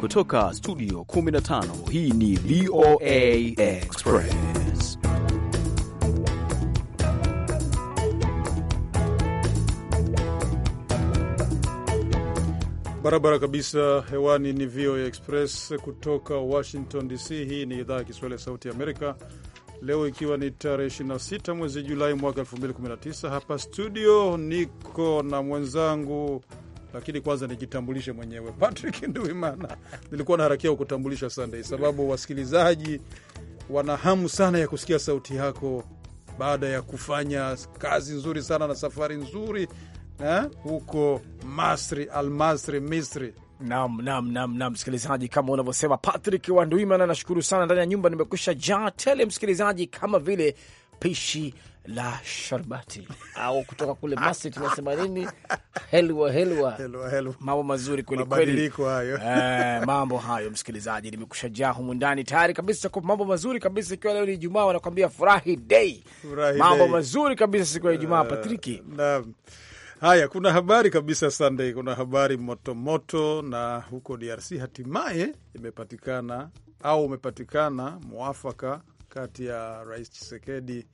kutoka studio 15 hii ni VOA Express. Barabara kabisa hewani ni VOA Express kutoka Washington DC. Hii ni idhaa ya Kiswahili ya Sauti ya Amerika, leo ikiwa ni tarehe 26 mwezi Julai mwaka 2019. Hapa studio niko na mwenzangu lakini kwanza nijitambulishe mwenyewe Patrick Nduimana. Nilikuwa na harakia kukutambulisha Sunday sababu wasikilizaji wana hamu sana ya kusikia sauti yako baada ya kufanya kazi nzuri sana na safari nzuri eh, huko Masri, Almasri, Misri. Naam, naam, msikilizaji, kama unavyosema Patrick Wanduimana, nashukuru sana. Ndani ya nyumba nimekusha jaa tele, msikilizaji, kama vile pishi la sharbati au kutoka kule Masri tunasema nini? Helwa, helwa, Mambo mazuri kwelikweli, eh, mambo hayo msikilizaji, nimekusha jaa humu ndani tayari kabisa kwa mambo mazuri kabisa, ikiwa leo ni Ijumaa wanakuambia furahi dei, mambo mazuri kabisa siku ya Ijumaa. Uh, Patriki, Haya, kuna habari kabisa Sunday, kuna habari motomoto moto, na huko DRC hatimaye imepatikana au umepatikana mwafaka kati ya Rais Tshisekedi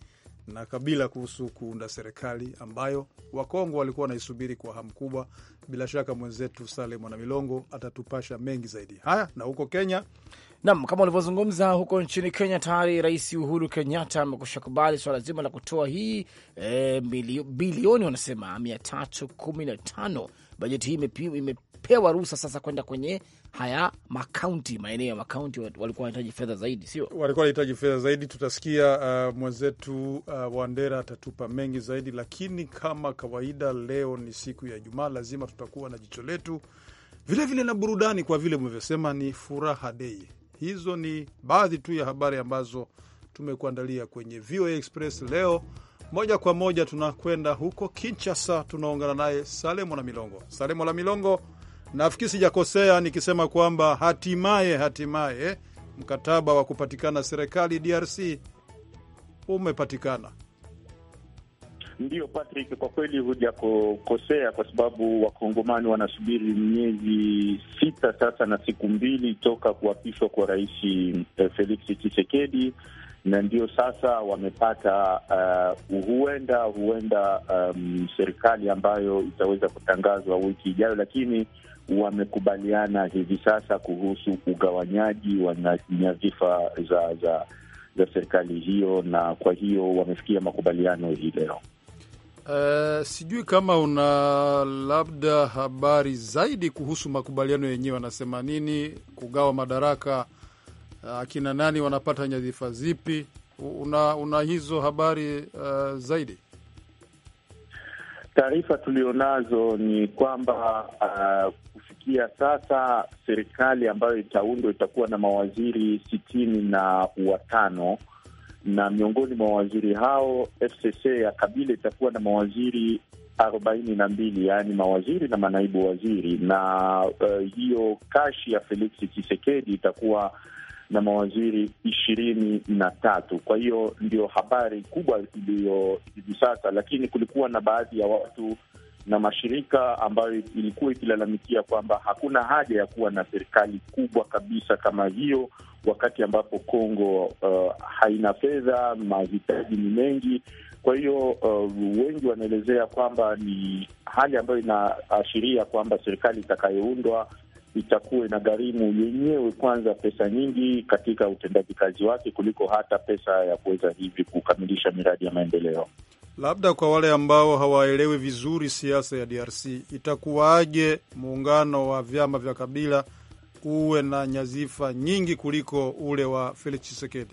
na Kabila kuhusu kuunda serikali ambayo Wakongo walikuwa wanaisubiri kwa hamu kubwa. Bila shaka mwenzetu Sale Mwana Milongo atatupasha mengi zaidi. Haya, na huko Kenya nam, kama ulivyozungumza huko nchini Kenya, tayari Rais Uhuru Kenyatta amekusha kubali swala zima la kutoa hii e, bilioni wanasema mia tatu kumi na tano. Bajeti hii imepewa ruhusa sasa kwenda kwenye haya makaunti, maeneo ya makaunti walikuwa wanahitaji fedha zaidi, sio? Walikuwa wanahitaji fedha zaidi. Tutasikia uh, mwenzetu uh, Wandera atatupa mengi zaidi, lakini kama kawaida, leo ni siku ya Ijumaa, lazima tutakuwa na jicho letu vilevile vile na burudani, kwa vile mlivyosema ni furaha dei. Hizo ni baadhi tu ya habari ambazo tumekuandalia kwenye VOA Express leo. Moja kwa moja tunakwenda huko kinchasa tunaungana naye Salemo na Milongo. Salemo la Milongo, nafikiri sijakosea nikisema kwamba hatimaye hatimaye mkataba wa kupatikana serikali DRC umepatikana. Ndiyo Patrick, kwa kweli hujakokosea kwa sababu wakongomani wanasubiri miezi sita sasa na siku mbili toka kuapishwa kwa Rais eh, Felix Tshisekedi, na ndio sasa wamepata uh, huenda huenda um, serikali ambayo itaweza kutangazwa wiki ijayo, lakini wamekubaliana hivi sasa kuhusu ugawanyaji wa nyadhifa za, za, za serikali hiyo, na kwa hiyo wamefikia makubaliano hii leo. Uh, sijui kama una labda habari zaidi kuhusu makubaliano yenyewe, wanasema nini, kugawa madaraka, eh, akina uh, nani wanapata nyadhifa zipi? Una, una hizo habari uh, zaidi? Taarifa tulionazo ni kwamba uh, kufikia sasa serikali ambayo itaundwa itakuwa na mawaziri sitini na watano na miongoni mwa waziri hao FCC ya Kabila itakuwa na mawaziri arobaini na mbili yaani mawaziri na manaibu waziri, na uh, hiyo kashi ya Felix chisekedi itakuwa na mawaziri ishirini na tatu. Kwa hiyo ndio habari kubwa iliyo hivi sasa, lakini kulikuwa na baadhi ya watu na mashirika ambayo ilikuwa ikilalamikia kwamba hakuna haja ya kuwa na serikali kubwa kabisa kama hiyo, wakati ambapo Kongo uh, haina fedha, mahitaji ni mengi. Kwa hiyo uh, wengi wanaelezea kwamba ni hali ambayo inaashiria kwamba serikali itakayoundwa itakuwa gharimu yenyewe kwanza pesa nyingi katika utendaji kazi wake kuliko hata pesa ya kuweza hivi kukamilisha miradi ya maendeleo. Labda kwa wale ambao hawaelewi vizuri siasa ya DRC, itakuwaje muungano wa vyama vya kabila uwe na nyazifa nyingi kuliko ule wa Felix Tshisekedi?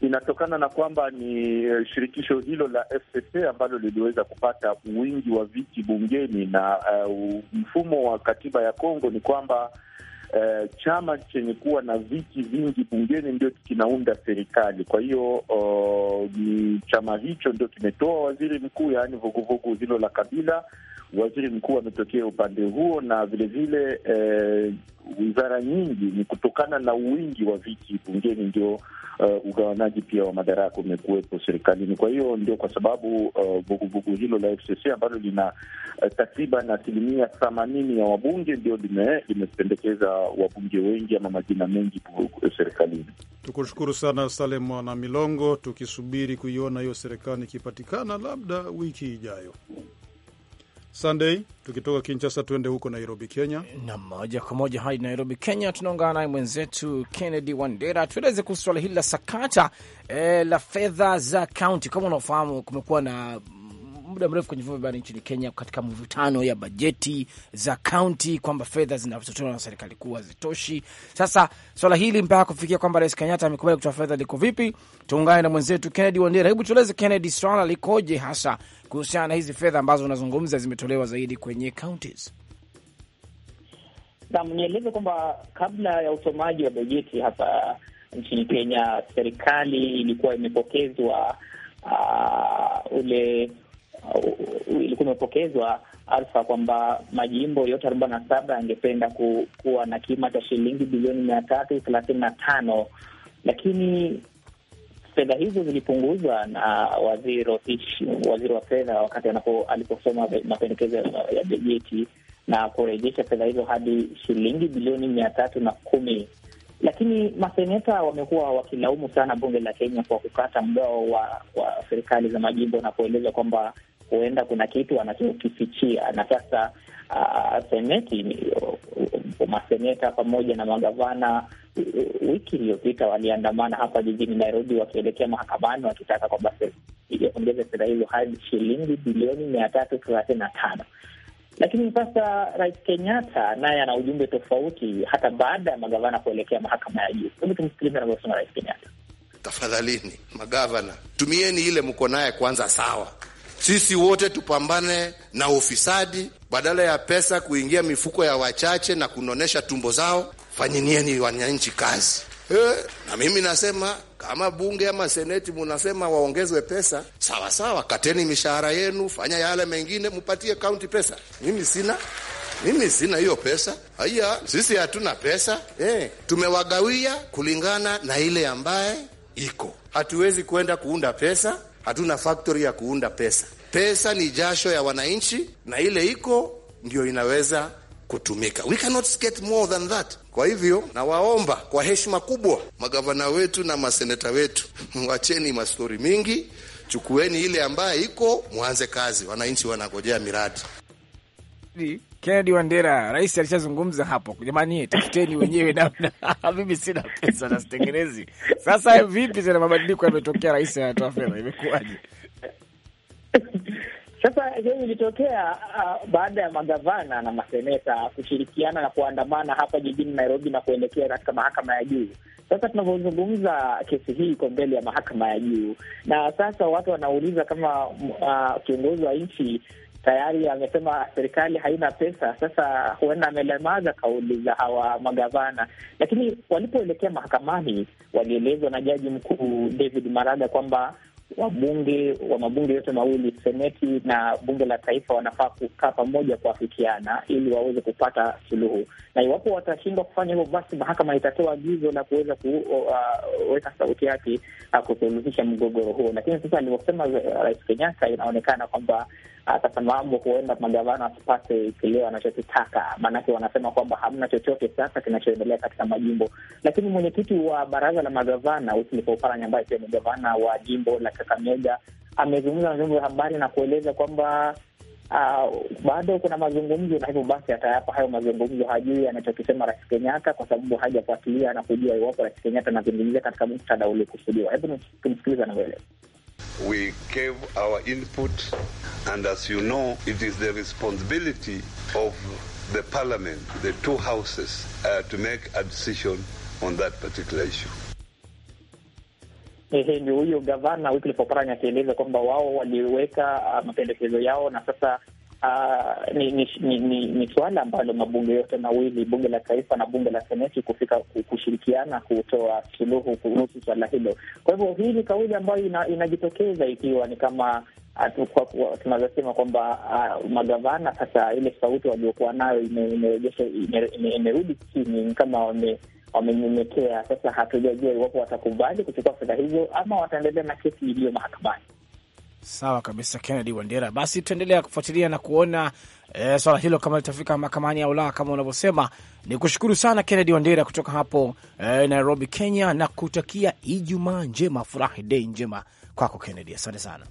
inatokana na kwamba ni eh, shirikisho hilo la FCC ambalo liliweza kupata wingi wa viti bungeni na uh, mfumo wa katiba ya Kongo ni kwamba Uh, chama chenye kuwa na viti vingi bungeni ndio kinaunda serikali. Kwa hiyo uh, ni chama hicho ndio kimetoa waziri mkuu, yaani vuguvugu hilo la Kabila. Waziri mkuu ametokea upande huo, na vilevile vile, eh, wizara nyingi ni kutokana na wingi wa viti bungeni ndio uh, ugawanaji pia wa madaraka umekuwepo serikalini. Kwa hiyo ndio kwa sababu uh, vuguvugu uh, hilo la FCC ambalo lina uh, takriban asilimia themanini ya wabunge ndio limependekeza wabunge wengi ama majina mengi serikalini. Tukushukuru sana Salem Mwana Milongo, tukisubiri kuiona hiyo serikali ikipatikana labda wiki ijayo. Sunday, tukitoka Kinshasa tuende huko Nairobi, Kenya. Na moja kwa moja hadi Nairobi, Kenya, tunaungana naye mwenzetu Kennedy Wandera. Tueleze kuhusu swala hili la sakata eh, la fedha za kaunti. Kama unaofahamu, kumekuwa na muda mrefu kwenye vyombo vya habari nchini Kenya katika mvutano ya bajeti za kaunti, kwamba fedha zinazotolewa na serikali kuu hazitoshi. Sasa swala hili mpaka kufikia kwamba Rais Kenyatta amekubali kutoa fedha liko vipi? Tuungane na mwenzetu Kennedy Wandera. Hebu tueleze Kennedy, swala likoje hasa kuhusiana na hizi fedha ambazo unazungumza zimetolewa zaidi kwenye counties? Naam, nieleze kwamba kabla ya usomaji wa bajeti hapa nchini Kenya, serikali ilikuwa imepokezwa uh, ule Uh, ilikuwa imepokezwa Alfa kwamba majimbo yote arobaini na saba yangependa ku, kuwa na kima cha shilingi bilioni mia tatu thelathini na tano lakini fedha hizo zilipunguzwa na waziri Rotich, waziri wa fedha, wakati aliposoma mapendekezo ya bajeti na kurejesha fedha hizo hadi shilingi bilioni mia tatu na kumi lakini maseneta wamekuwa wakilaumu sana bunge la Kenya kwa kukata mgao wa, wa serikali za majimbo na kueleza kwamba huenda kuna kitu wanachokifichia. Na sasa uh, seneti uh, uh, maseneta pamoja na magavana uh, uh, wiki iliyopita waliandamana hapa jijini Nairobi wakielekea mahakamani wakitaka kwamba iongeze fedha hizo hadi shilingi bilioni mia tatu thelathini na tano lakini sasa Rais Kenyatta naye ana ujumbe tofauti, hata baada ya magavana kuelekea mahakama ya juu. Hebu tumsikilize anavyosema Rais Kenyatta. Tafadhalini magavana, tumieni ile mko naye kwanza, sawa sisi wote tupambane na ufisadi, badala ya pesa kuingia mifuko ya wachache na kunonesha tumbo zao, fanyinieni wananchi kazi. He, eh. na mimi nasema kama bunge ama seneti munasema waongezwe pesa, sawa sawa, kateni mishahara yenu, fanya yale mengine, mupatie kaunti pesa. Mimi sina mimi sina hiyo pesa. Haya, sisi hatuna pesa eh, tumewagawia kulingana na ile ambaye iko. Hatuwezi kwenda kuunda pesa, hatuna faktori ya kuunda pesa. Pesa ni jasho ya wananchi, na ile iko ndio inaweza kutumika. We cannot get more than that. Kwa hivyo nawaomba kwa heshima kubwa magavana wetu na maseneta wetu, wacheni mastori mingi, chukueni ile ambayo iko, mwanze kazi. Wananchi wanangojea miradi. Kennedy Wandera, rais alishazungumza hapo, jamani, tafuteni wenyewe namna. Mimi sina pesa na sitengenezi. Sasa vipi tena, mabadiliko yametokea, rais anatoa fedha, imekuwaje? Sasa hiyo ilitokea uh, baada ya magavana na maseneta kushirikiana na kuandamana hapa jijini Nairobi na kuelekea katika mahakama ya juu. Sasa tunavyozungumza, kesi hii iko mbele ya mahakama ya juu, na sasa watu wanauliza kama uh, kiongozi wa nchi tayari amesema serikali haina pesa. Sasa huenda amelemaza kauli za hawa magavana, lakini walipoelekea mahakamani, walielezwa na jaji mkuu David Maraga kwamba wabunge wa mabunge yote mawili, seneti na bunge la taifa, wanafaa kukaa pamoja kuafikiana ili waweze kupata suluhu, na iwapo watashindwa kufanya hivyo, basi mahakama itatoa agizo la kuweza kuweka uh, sauti yake uh, kusuluhisha mgogoro huo. Lakini sasa alivyosema uh, Rais Kenyatta, inaonekana kwamba atafahamu huenda magavana asipate kile anachokitaka, maanake wanasema kwamba hamna chochote sasa kinachoendelea katika majimbo. Lakini mwenyekiti wa baraza la magavana Wesley Oparanya, ambaye pia ni gavana wa jimbo la Kakamega, amezungumza na vyombo vya habari na kueleza kwamba Uh, bado kuna mazungumzo na hivyo basi atayapa hayo mazungumzo, hajui anachokisema Rais Kenyatta kwa sababu hajafuatilia na kujua iwapo Rais Kenyatta anazungumzia katika muktadha uliokusudiwa. Hebu tumsikiliza anavyoeleza we gave our input and as you know it is the responsibility of the parliament the two houses uh, to make a decision on that particular issue. Ehe, ndio huyo gavana Wycliffe Oparanya akieleza kwamba wao waliweka uh, mapendekezo yao na sasa ni, ni, ni, ni, ni suala ambalo mabunge yote mawili, bunge la taifa na bunge la seneti, kufika kushirikiana kutoa suluhu kuhusu suala hilo. Kwa hivyo hii ni kauli ambayo ina, inajitokeza ikiwa ni kama tunazosema kwamba uh, magavana sasa, ile sauti waliokuwa nayo imerudi chini, ni kama wame wamenyenyekea sasa. Hatujajua iwapo watakubali kuchukua fedha hizo ama wataendelea na kesi iliyo mahakamani. Sawa kabisa, Kennedy Wandera. Basi tuendelea kufuatilia na kuona e, swala hilo kama litafika mahakamani au la, kama unavyosema. Ni kushukuru sana Kennedy Wandera kutoka hapo e, Nairobi, Kenya, na kutakia Ijumaa njema, furahi dei njema kwako Kennedy. Asante sana.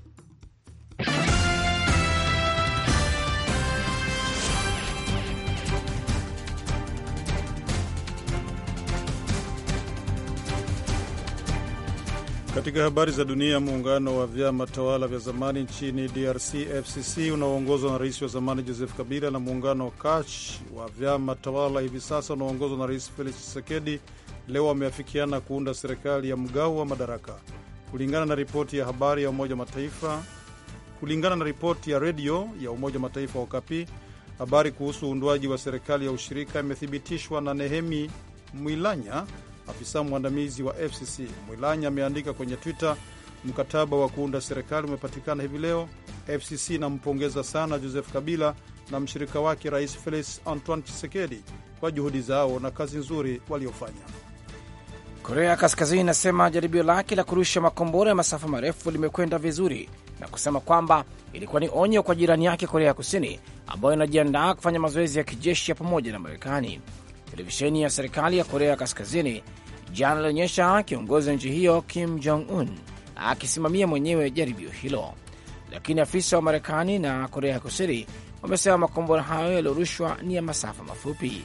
Katika habari za dunia, muungano wa vyama tawala vya zamani nchini DRC FCC unaoongozwa na rais wa zamani Joseph Kabila na muungano Kach wa vyama tawala hivi sasa unaoongozwa na rais Felix Tshisekedi leo wameafikiana kuunda serikali ya mgao wa madaraka, kulingana na ripoti ya habari ya Umoja Mataifa. Kulingana na ripoti ya redio ya Umoja Mataifa Okapi, habari kuhusu uundwaji wa serikali ya ushirika imethibitishwa na Nehemi Mwilanya Afisa mwandamizi wa FCC Mwilanya ameandika kwenye Twitter, mkataba wa kuunda serikali umepatikana hivi leo. FCC inampongeza sana Joseph Kabila na mshirika wake Rais Felix Antoine chisekedi kwa juhudi zao na kazi nzuri waliofanya. Korea Kaskazini inasema jaribio lake la kurusha makombora ya masafa marefu limekwenda vizuri na kusema kwamba ilikuwa ni onyo kwa jirani yake Korea ya Kusini ambayo inajiandaa kufanya mazoezi ya kijeshi ya pamoja na Marekani. Televisheni ya serikali ya Korea Kaskazini jana ilionyesha kiongozi wa nchi hiyo Kim Jong Un akisimamia mwenyewe jaribio hilo, lakini afisa wa Marekani na Korea ya Kusini wamesema makombora hayo yaliyorushwa ni ya masafa mafupi.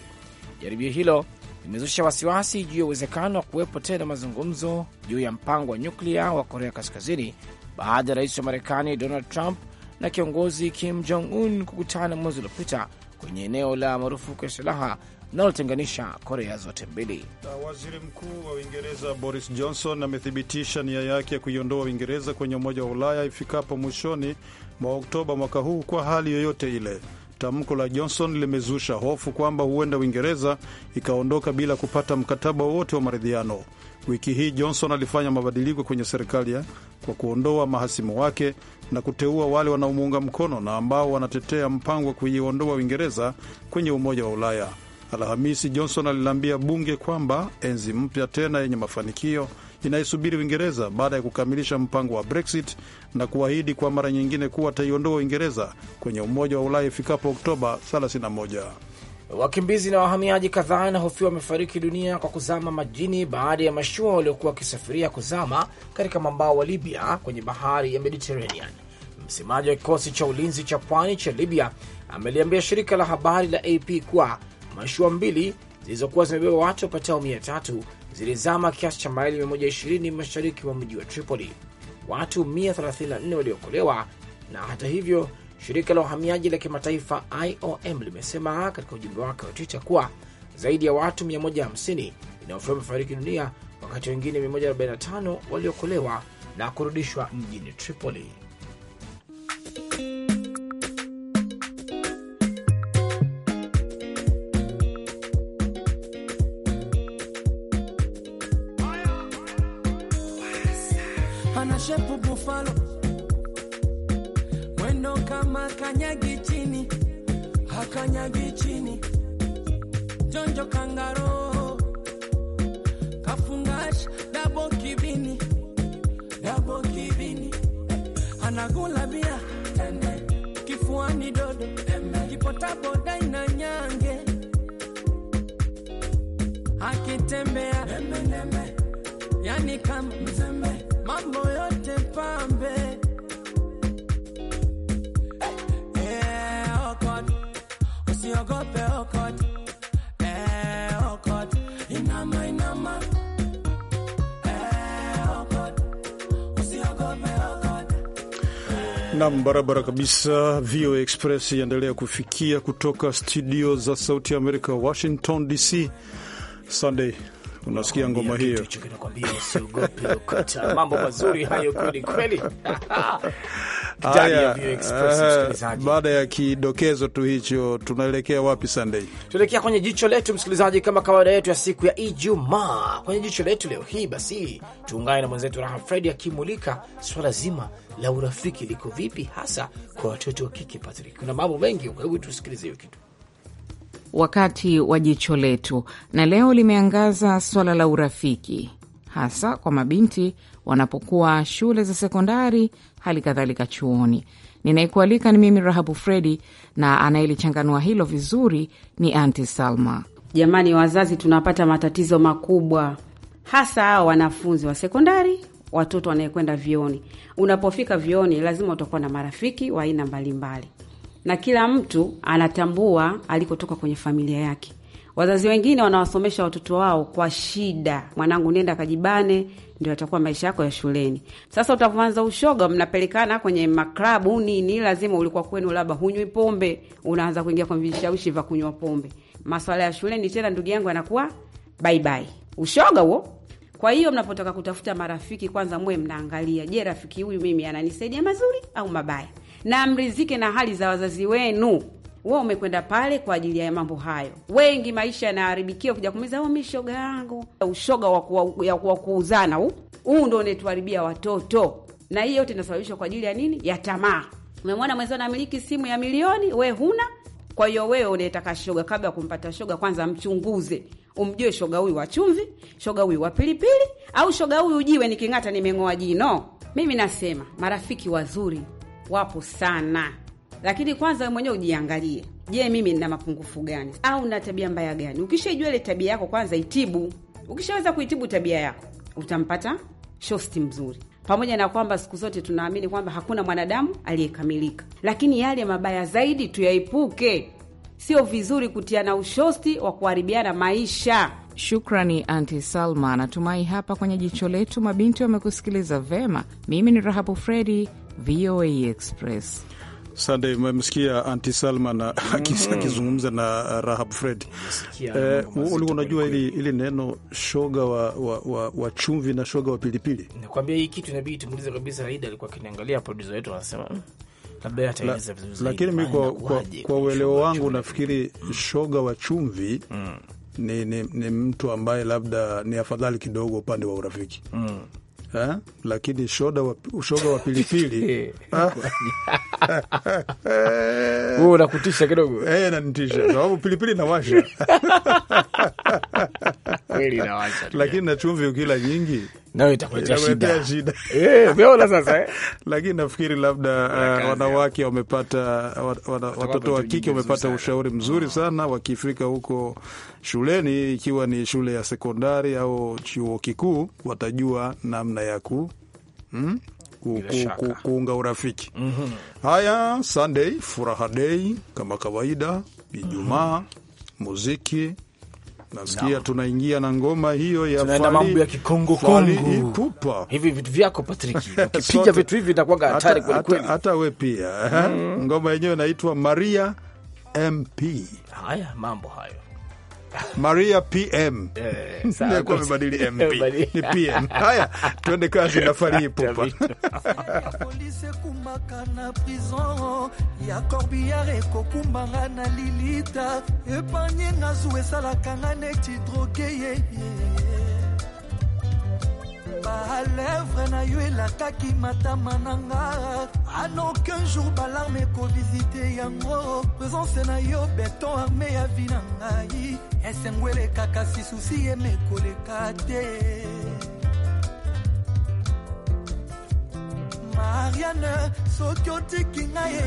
Jaribio hilo limezusha wasiwasi juu ya uwezekano wa kuwepo tena mazungumzo juu ya mpango wa nyuklia wa Korea Kaskazini baada ya rais wa Marekani Donald Trump na kiongozi Kim Jong Un kukutana mwezi uliopita kwenye eneo la marufuku ya silaha linalotenganisha Korea zote mbili. Waziri Mkuu wa Uingereza Boris Johnson amethibitisha nia yake ya kuiondoa Uingereza kwenye Umoja wa Ulaya ifikapo mwishoni mwa Oktoba mwaka huu kwa hali yoyote ile. Tamko la Johnson limezusha hofu kwamba huenda Uingereza ikaondoka bila kupata mkataba wowote wa maridhiano. Wiki hii Johnson alifanya mabadiliko kwenye serikali kwa kuondoa mahasimu wake na kuteua wale wanaomuunga mkono na ambao wanatetea mpango wa kuiondoa Uingereza kwenye Umoja wa Ulaya. Alhamisi, Johnson aliliambia bunge kwamba enzi mpya tena yenye mafanikio inaisubiri Uingereza baada ya kukamilisha mpango wa Brexit na kuahidi kwa mara nyingine kuwa ataiondoa Uingereza kwenye Umoja wa Ulaya ifikapo Oktoba 31. Wakimbizi na wahamiaji kadhaa inahofiwa wamefariki dunia kwa kuzama majini baada ya mashua waliokuwa wakisafiria kuzama katika mwambao wa Libya kwenye bahari ya Mediterranean. Msemaji wa kikosi cha ulinzi cha pwani cha Libya ameliambia shirika la habari la AP kuwa mashua mbili zilizokuwa zimebeba watu wapatao mia tatu zilizama kiasi cha maili 120 mashariki mwa mji wa Tripoli. Watu 134 waliokolewa, na hata hivyo shirika la uhamiaji la kimataifa IOM limesema katika ujumbe wake wa Twitter kuwa zaidi ya watu 150 inaofiwa wamefariki dunia, wakati wengine 145 waliokolewa na kurudishwa mjini Tripoli. mfalo mwendo kama kanyagi chini hakanyagi chini jonjo kangaro kafungash dabo kibini dabo kibini anagula bia kifuani dodo kipotaboda ina nyange akitembea yani kama mambo Eh, eh, eh, Nam barabara kabisa. VOA Express iendelea kufikia kutoka studio za Sauti ya Amerika, Washington DC. Sunday unasikia ngoma hiyo, mazuri eh, baada ya kidokezo tu hicho, tunaelekea wapi Sunday? Tuelekea kwenye jicho letu, msikilizaji, kama kawaida yetu ya siku ya Ijumaa. Kwenye jicho letu leo hii, basi tuungane na mwenzetu Raha Fredi akimulika swala zima la urafiki liko vipi hasa kwa watoto wa kike. Patrick, kuna mambo mengi, tusikilize hiyo kitu wakati wa jicho letu, na leo limeangaza swala la urafiki, hasa kwa mabinti wanapokuwa shule za sekondari, hali kadhalika chuoni. Ninayekualika ni mimi Rahabu Fredi, na anayelichanganua hilo vizuri ni Anti Salma. Jamani wazazi, tunapata matatizo makubwa, hasa hawa wanafunzi wa sekondari, watoto wanayekwenda vyoni Unapofika vioni, lazima utakuwa na marafiki wa aina mbalimbali na kila mtu anatambua alikotoka kwenye familia yake. Wazazi wengine wanawasomesha watoto wao kwa shida, mwanangu, nenda kajibane, ndio atakuwa maisha yako ya shuleni. Sasa utavyoanza ushoga, mnapelekana kwenye maklabu nini, lazima ulikuwa kwenu labda hunywi pombe, unaanza kuingia kwenye vishawishi vya kunywa pombe. Maswala ya shuleni tena, ndugu yangu, anakuwa baibai, ushoga huo. Kwa hiyo mnapotaka kutafuta marafiki, kwanza muwe mnaangalia, je, rafiki huyu mimi ananisaidia mazuri au mabaya? na mrizike na hali za wazazi wenu. We umekwenda pale kwa ajili ya mambo hayo. Wengi maisha yanaharibikia kuja kumiza, oh, mi shoga yangu, ushoga wa kuuzana huu huu ndo unetuharibia watoto, na hii yote inasababishwa kwa ajili ya nini? Ya tamaa. Umemwona mwenzio anamiliki simu ya milioni, we huna. Kwa hiyo wewe unaetaka shoga, kabla ya kumpata shoga, kwanza mchunguze, umjue shoga huyu wa chumvi, shoga huyu wa pilipili, au shoga huyu jiwe niking'ata nimeng'oa jino. Mimi nasema marafiki wazuri wapo sana, lakini kwanza we mwenyewe ujiangalie. Je, mimi nina mapungufu gani au na tabia mbaya gani? Ukishaijua ile tabia yako kwanza, itibu. Ukishaweza kuitibu tabia yako, utampata shosti mzuri pamoja na kwamba siku zote tunaamini kwamba hakuna mwanadamu aliyekamilika, lakini yale mabaya zaidi tuyaepuke. Sio vizuri kutiana ushosti wa kuharibiana maisha. Shukrani Anti Salma. Natumai hapa kwenye jicho letu mabinti wamekusikiliza vema. Mimi ni Rahabu Fredi, VOA Express. Sande, umemsikia Anti Salma na mhm. akizungumza na uh, Rahab Fred. Eh, ulikuwa unajua ili, ili neno shoga wa, wa, wa, wa chumvi na shoga wa pilipili. Nakwambia hii kitu inabidi tumuulize kabisa. Aida alikuwa akiniangalia, produsa wetu anasema mm, la, lakini mi kwa, kwa, kwa uelewa wangu nafikiri mm, shoga wa chumvi mm. Ni, ni, ni mtu ambaye labda ni afadhali kidogo upande wa urafiki mm ha? Lakini shoga wa, shoga wa pilipili unakutisha kidogo, eh, nanitisha sababu pilipili nawasha kweli lakini na chumvi ukila nyingi nayo itakuletea shida, Eh, sasa eh? Lakini nafikiri labda uh, wanawake wamepata wana, watoto wa kike wamepata ushauri mzuri mm. sana wakifika huko shuleni, ikiwa ni shule ya sekondari au chuo kikuu, watajua namna ya ku hmm? ku, kuunga urafiki mm -hmm. Haya, Sunday furaha dei kama kawaida, Ijumaa mm -hmm. muziki nasikia tunaingia na ngoma hiyo ya tunaenda mambo ya Kikongo Kongo ipupa hivi vitu vyako Patrick, ukipiga vitu hivi itakuwa hatari kweli kweli. Hata wewe pia mm. ngoma yenyewe inaitwa Maria MP. Haya mambo hayo Maria PM amebadili MP ni PM. Haya, tuende kazi na Fally Ipupa ya corbiare ekokumbanga na lilita epanye nga zu esalaka nga neti droge yeye balèvre na yo elataki matama na nga alors jour balarme ekovisite yango présence na yo beton arme ya vi na ngai esengo susi te mariane soki otiki ngai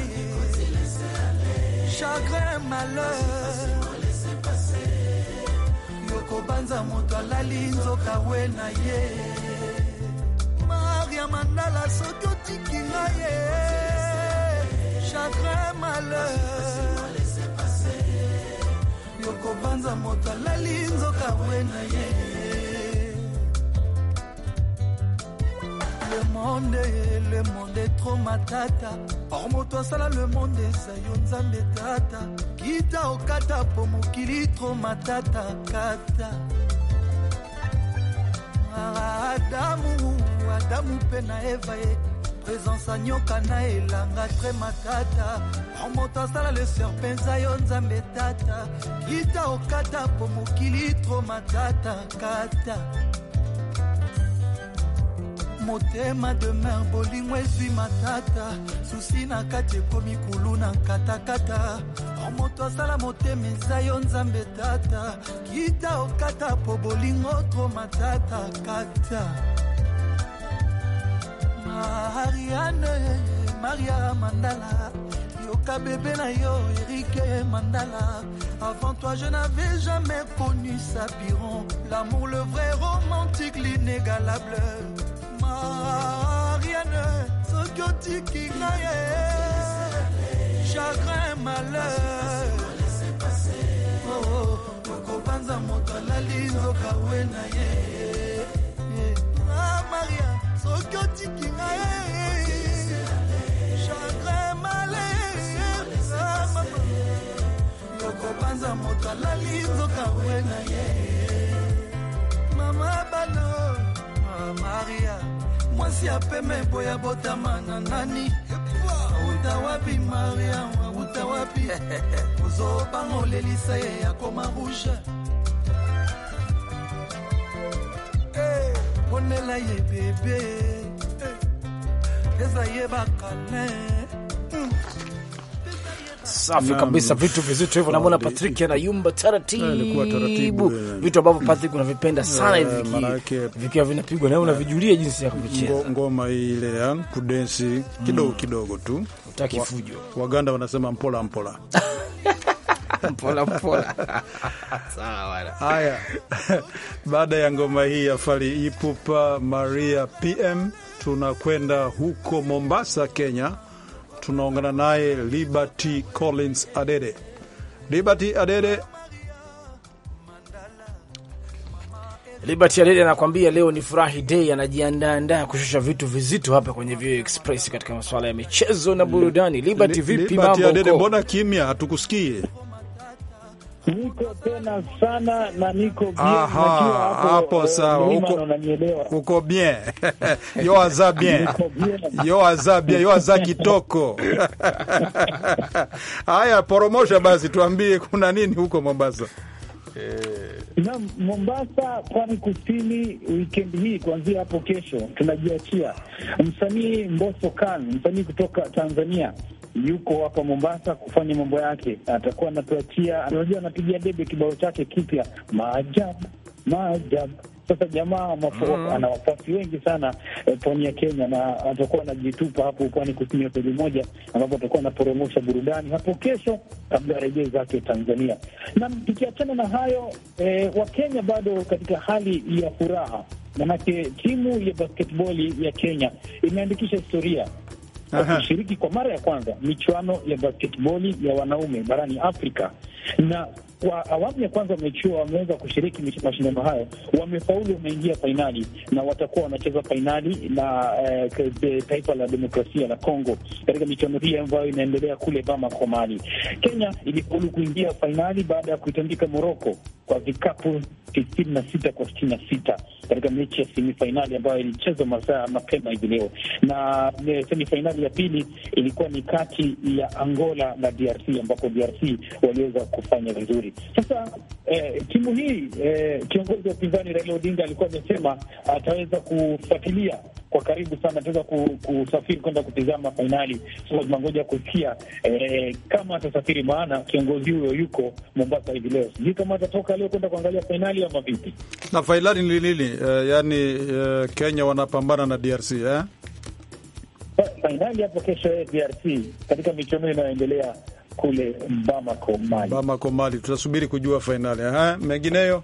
chagrin malheur yokobanza moto alali nzoka we na ye lala soki otiki ye chagrin malheur yokobanza moto alali nzoka bwena ye le monde le monde tro matata or moto asala le monde est yo nzambe tata kita okata po mokili tro matata kata adamu na adamu mpe na eva ye présence anyoka na elanga tre makata momoto asala leser mpenza yo nzambe tata kita okata po mokili tro matata kata motema demer bolingo ezwi matata susi na kati ekomi kulu na katakata momoto asala motema eza yo nzambe tata kita okata po bolingo tro matata kata, kata. ariane maria mandala yoka bébé na yo erike mandala avant toi je n'avais jamais connu sapiron l'amour le vrai romantique l'inégalable mariane soki qui ye chagrin malheur kokopanza oh, oh. moto la nzoka Lino na ye ah, maria kopanza moto alali nzoka mama bano maria mwasi ya peme boya botama na nani auta wapi maria auta wapi ozobango lelisa ye akoma rouge onela ye bebe eh, ye bakane Safi kabisa, vitu vizito hivyo. Namwona Patrick anayumba taratibu, vitu eh. ambavyo Patrick unavipenda sana hivi, eh, vikiwa vinapigwa na unavijulia jinsi ya kuvicheza ngoma ile ya kudensi kidogo mm. kidogo tu, utaki fujo. Waganda wanasema mpola mpola pola pola. Sawa bwana. Haya. Baada ya ngoma hii ya Fali Ipupa Maria PM tunakwenda huko Mombasa, Kenya. Tunaongana naye Liberty Collins Adede. Liberty Adede Liberty Adede anakuambia leo ni furahi day, anajiandaandaa kushusha vitu vizito hapa kwenye Vio Express katika masuala ya michezo na burudani. Liberty, vipi mambo? Mbona kimya, hatukusikii? Niko tena sana na niko bien. Aha, hapo eh, sawa. Uko uko bien. Yo aza bien. Yo aza bien. Yo aza kitoko. Haya, poromosha basi, tuambie kuna nini huko Mombasa? Eh, na Mombasa, pwani kusini, weekend hii kuanzia hapo kesho tunajiachia msanii Mbosso Khan, msanii kutoka Tanzania yuko hapa Mombasa kufanya mambo yake, atakuwa anatuachia, anajua anapigia debe kibao chake kipya, maajabu maajabu. Sasa jamaa mm. ana wafuasi wengi sana eh, pwani ya Kenya, na atakuwa anajitupa hapo pwani kutumia hoteli moja ambapo atakuwa anaporomosha burudani hapo kesho, kabla ya rejea zake Tanzania. Na tukiachana na hayo eh, Wakenya bado katika hali ya furaha, manake timu ya basketball ya Kenya imeandikisha historia kushiriki kwa mara ya kwanza michuano ya basketboli ya wanaume barani Afrika na kwa awamu ya kwanza wamechua wameweza kushiriki mashindano hayo, wamefaulu, wameingia fainali na watakuwa wanacheza fainali na eh, taifa la demokrasia la Congo katika michuano hii ambayo inaendelea kule Bamako, Mali. Kenya ilifaulu kuingia fainali baada ya kuitandika Moroko kwa vikapu sitini na sita kwa sitini na sita katika mechi ya semifainali ambayo ilichezwa masaa mapema hivi leo, na eh, semifainali ya pili ilikuwa ni kati ya Angola na DRC ambapo DRC waliweza kufanya vizuri. Sasa eh, timu hii eh, kiongozi wa upinzani Raila Odinga alikuwa amesema ataweza kufuatilia kwa karibu sana, ataweza kusafiri kwenda kutizama fainali. Sasa tunangoja kusikia eh, kama atasafiri, maana kiongozi huyo yuko Mombasa hivi leo. Sijui kama atatoka leo kwenda kuangalia fainali ama vipi. Na fainali ni lini? Eh, yani eh, Kenya wanapambana na DRC eh? Fainali hapo kesho, DRC katika michuano inayoendelea kule Bamako, Mali. Bamako, Mali, tutasubiri kujua fainali. Eh? Ha, mengineyo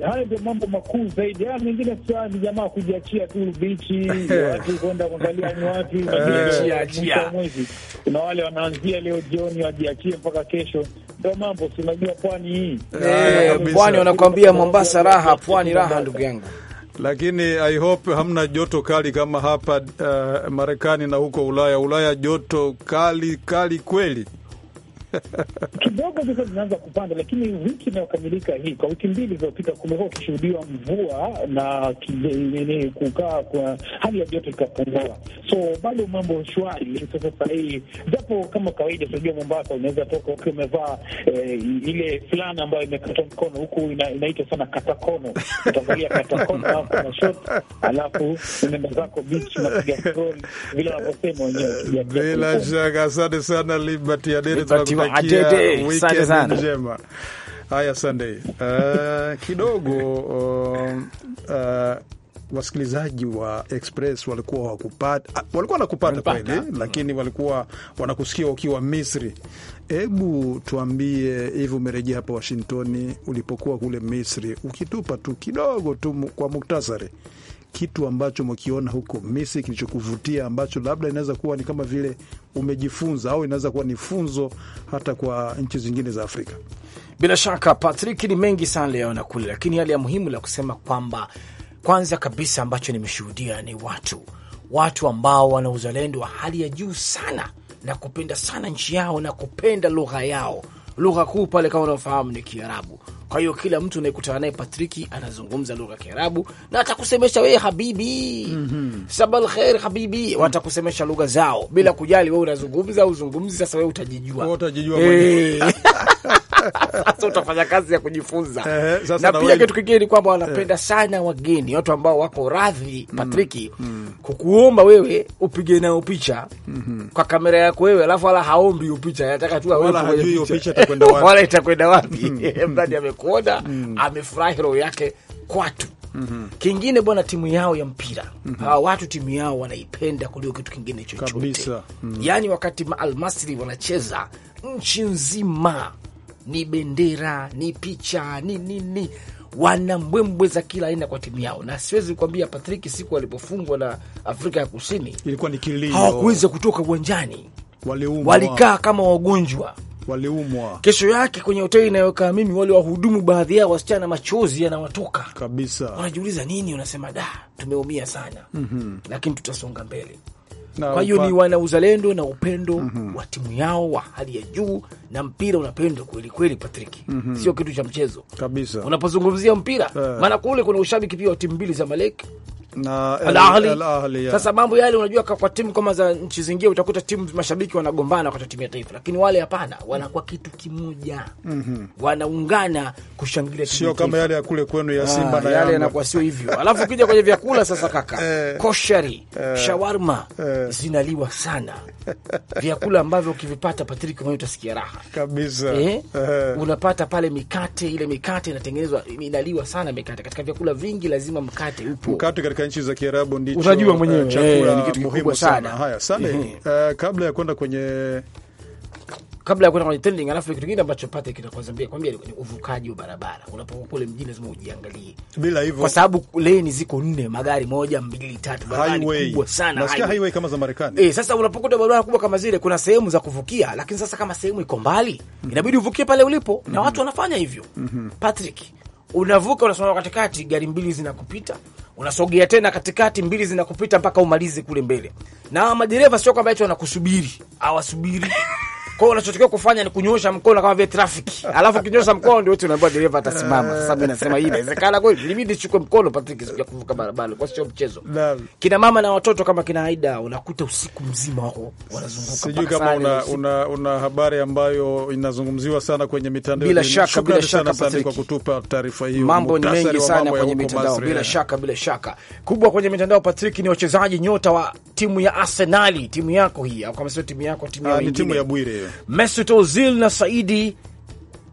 hayo ndio mambo makuu zaidi. Haya yaani, mengine sa ni jamaa kujiachia tu bichi, watu kwenda kuangalia ni wapi. Eh. Kuna wale wanaanzia leo jioni wajiachie mpaka kesho, ndio mambo. Si unajua pwani hii, eh, pwani wanakuambia Mombasa raha, pwani raha, ndugu yangu lakini I hope hamna joto kali kama hapa uh, Marekani na huko Ulaya. Ulaya joto kali kali kweli. kidogo sasa vinaanza kupanda, lakini wiki inayokamilika hii, kwa wiki mbili zilizopita, kumekuwa ukishuhudiwa mvua na kukaa kwa hali ya joto ikapungua, so bado mambo shwari. Sasa sasa hii japo kama kawaida, tunajua Mombasa unaweza toka ukiwa umevaa eh, ile fulana ambayo imekata mkono huku ina, inaitwa sana katakono, utavalia katakono alafu na short, alafu unaenda zako beach unapiga stori vile wanavyosema wenyewe. Bila shaka, asante sana Liberty Adede njema Adede, asante sana njema. Haya, Sunday uh, kidogo uh, uh, wasikilizaji wa Express walikuwa wakupata, ah, walikuwa wanakupata kweli, lakini walikuwa wanakusikia ukiwa Misri. Hebu tuambie hivi, umerejea hapa Washingtoni, ulipokuwa kule Misri, ukitupa tu kidogo tu kwa muktasari kitu ambacho mkiona huko Misri kilichokuvutia ambacho labda inaweza kuwa ni kama vile umejifunza au inaweza kuwa ni funzo hata kwa nchi zingine za Afrika? Bila shaka Patrick, ni mengi sana na kule, lakini hali ya muhimu la kusema kwamba kwanza kabisa ambacho nimeshuhudia ni watu watu ambao wana uzalendo wa hali ya juu sana na kupenda sana nchi yao na kupenda lugha yao. Lugha kuu pale kama unaofahamu ni Kiarabu. Kwa hiyo kila mtu unayekutana naye Patriki anazungumza lugha ya Kiarabu na atakusemesha wewe habibi, mm -hmm. sabal khair habibi, watakusemesha lugha zao bila kujali wewe unazungumza au uzungumzi. Sasa wewe utajijua, utajijua eh. Sasa utafanya kazi ya kujifunza. Uh, na pia kitu kingine ni kwamba wanapenda uh, sana wageni, watu ambao wako radhi mm, Patriki mm, kukuomba wewe upige nao picha mm -hmm. kwa kamera yako wewe, alafu wala haombi upicha, anataka tu picha wala itakwenda wapi, mm. mradi amekuona mm. amefurahi, roho yake kwatu Mm -hmm. Kingine bwana, timu yao ya mpira mm -hmm. watu timu yao wanaipenda kuliko kitu kingine chochote Mm -hmm. Yaani wakati Almasri wanacheza nchi nzima ni bendera, ni picha, ni nini ni. Wana mbwembwe za kila aina kwa timu yao, na siwezi kuambia Patrick, siku alipofungwa na Afrika ya Kusini ilikuwa ni kilio, hawakuweza kutoka uwanjani, walikaa kama wagonjwa waliumwa. Kesho yake kwenye hoteli inayokaa mimi, wale wahudumu baadhi yao wasichana, machozi yanawatoka kabisa, wanajiuliza nini, unasema da, tumeumia sana, mm -hmm. Lakini tutasonga mbele kwa hiyo ni wana uzalendo na upendo mm -hmm. wa timu yao wa hali ya juu, na mpira unapendwa kweli kweli, Patrick mm -hmm. sio kitu cha mchezo kabisa. Unapozungumzia mpira yeah. maana kule kuna ushabiki pia wa timu mbili za Malek na Al Ahli. Al Ahli, yeah. Sasa mambo yale unajua, kwa timu kama za nchi zingine utakuta timu mashabiki wanagombana wakati timu ya taifa, lakini wale hapana, wanakuwa kitu kimoja mm -hmm. wanaungana kushangilia, sio kama yale ya kule kwenu ya ah, Simba na yale yanakuwa sio hivyo. Alafu ukija kwenye vyakula sasa, kaka eh. koshari eh. shawarma eh zinaliwa sana vyakula ambavyo ukivipata Patrick mwenye utasikia raha kabisa. Eh? eh, unapata pale mikate, ile mikate inatengenezwa inaliwa sana mikate katika vyakula vingi, lazima mkate upo. Mkate katika nchi za Kiarabu ndicho unajua mwenyewe eh, chakula eh, ni kitu kikubwa sana. Haya, uh, kabla ya kwenda kwenye kabla ya kwenda kwenye trending, alafu kitu kingine ambacho Patrick kinakwambia kwambia ni uvukaji wa barabara. Unapokuwa kule mjini lazima ujiangalie, bila hivyo, kwa sababu leni ziko nne, magari moja, mbili, tatu, barabara kubwa sana, nasikia highway kama za Marekani. Eh, sasa unapokuta barabara kubwa kama zile, kuna sehemu za kuvukia, lakini sasa kama sehemu iko mbali, inabidi uvukie pale ulipo, na mhm. watu wanafanya hivyo. Mhm. Patrick, unavuka unasimama katikati, gari mbili zinakupita unasogea tena katikati, mbili zinakupita mpaka umalize kule mbele. Na madereva sio kwamba eti wanakusubiri, hawasubiri Kwa hiyo unachotakiwa kufanya ni kunyosha mkono kama vile trafiki, alafu ukinyosha mkono ndio tunaambiwa dereva atasimama. Sasa mimi nasema hii inawezekana kweli, ilibidi chukue mkono Patrick, sikuja kuvuka barabara, kwa sio mchezo. Kina mama na watoto kama kina Aida unakuta usiku mzima wako wanazunguka. Sijui kama una, una, una habari ambayo inazungumziwa sana kwenye mitandao. Bila shaka, bila shaka Patrick, kwa kutupa taarifa hiyo. Mambo ni mengi sana kwenye mitandao, bila shaka, bila shaka kubwa kwenye mitandao Patrick, ni wachezaji nyota wa timu ya Arsenali, timu yako hii au kama sio timu yako, timu ya ah, timu ya Bwire Mesut Ozil na Saidi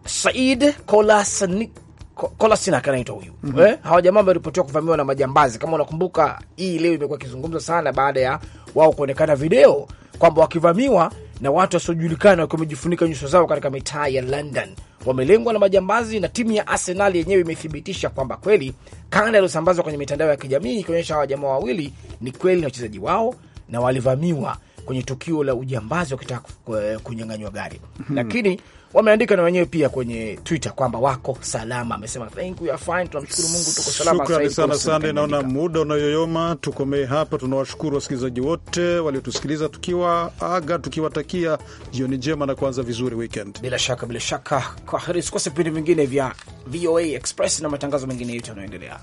Said Kolasini Kolasinaka anaitwa huyu mm -hmm. Eh, hawa jamaa wameripotiwa kuvamiwa na majambazi. Kama unakumbuka, hii leo imekuwa ikizungumzwa sana baada ya wao kuonekana video kwamba wakivamiwa na watu wasiojulikana wakiwa wamejifunika nyuso zao katika mitaa ya London, wamelengwa na majambazi, na timu ya Arsenal yenyewe imethibitisha kwamba kweli kanda iliyosambazwa kwenye mitandao ya kijamii ikionyesha hawa jamaa wawili ni kweli na wachezaji wao na walivamiwa kwenye tukio la ujambazi wakitaka eh, kunyang'anywa gari hmm. Lakini wameandika na wenyewe pia kwenye Twitter kwamba wako salama. Amesema thank you fine, tunamshukuru Mungu tuko salama. Shukrani sana sana, naona muda unayoyoma, tukomee hapa. Tunawashukuru wasikilizaji wote waliotusikiliza, tukiwa aga tukiwatakia jioni njema na kuanza vizuri weekend. Bila shaka bila shaka, kwa heri, sikose vipindi vingine vya VOA Express na matangazo mengine yote yanayoendelea.